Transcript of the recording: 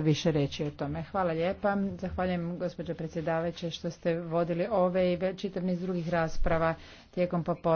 više reći o tome. Hvala lijepa. Zahvaljujem gospođo predsjedavajuće što ste vodili ove i čitav niz drugih rasprava tijekom popodne.